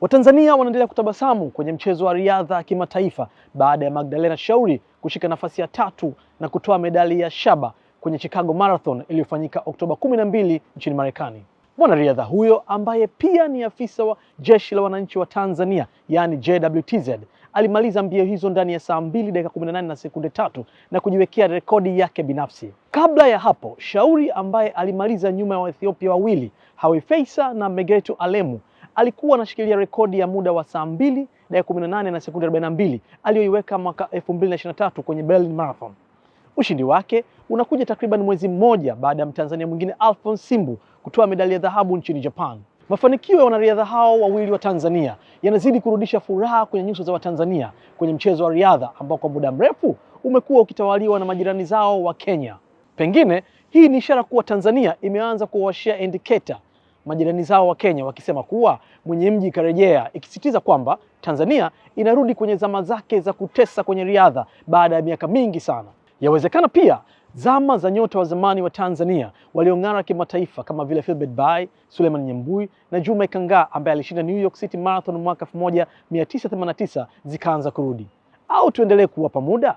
Watanzania wanaendelea kutabasamu kwenye mchezo wa riadha kimataifa baada ya Magdalena Shauri kushika nafasi ya tatu na kutoa medali ya shaba kwenye Chicago Marathon iliyofanyika Oktoba kumi na mbili nchini Marekani. Mwanariadha huyo ambaye pia ni afisa wa Jeshi la Wananchi wa Tanzania yani JWTZ alimaliza mbio hizo ndani ya saa mbili dakika kumi na nane na sekunde tatu na kujiwekea rekodi yake binafsi. Kabla ya hapo, Shauri ambaye alimaliza nyuma ya Waethiopia wawili Hawi Feisa na Megetu Alemu alikuwa anashikilia rekodi ya muda wa saa mbili dakika kumi na sekunde mbili aliyoiweka mwaka tatu kwenye Berlin Marathon. Ushindi wake unakuja takriban mwezi mmoja baada ya Mtanzania mwingine Alphonce Simbu kutoa medali ya dhahabu nchini Japan. Mafanikio ya wanariadha hao wawili wa Tanzania yanazidi kurudisha furaha kwenye nyuso za Watanzania kwenye mchezo wa riadha ambao kwa muda mrefu umekuwa ukitawaliwa na majirani zao wa Kenya. Pengine hii ni ishara kuwa Tanzania imeanza kuwashia indiketa majirani zao wa Kenya wakisema kuwa mwenye mji karejea, ikisisitiza kwamba Tanzania inarudi kwenye zama zake za kutesa kwenye riadha baada ya miaka mingi sana. Yawezekana pia zama za nyota wa zamani wa Tanzania waliong'ara kimataifa kama vile Philbert Bayi, Suleiman Nyambui na Juma Ikangaa ambaye alishinda New York City Marathon mwaka 1989 zikaanza kurudi. Au tuendelee kuwapa muda?